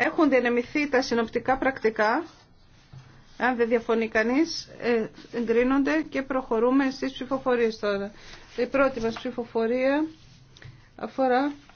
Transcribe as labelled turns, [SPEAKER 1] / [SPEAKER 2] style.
[SPEAKER 1] Έχουν διανεμηθεί τα συνοπτικά πρακτικά. Αν δεν διαφωνεί κανεί, ε, εγκρίνονται και προχωρούμε στις ψηφοφορίες τώρα. Η πρώτη μας ψηφοφορία αφορά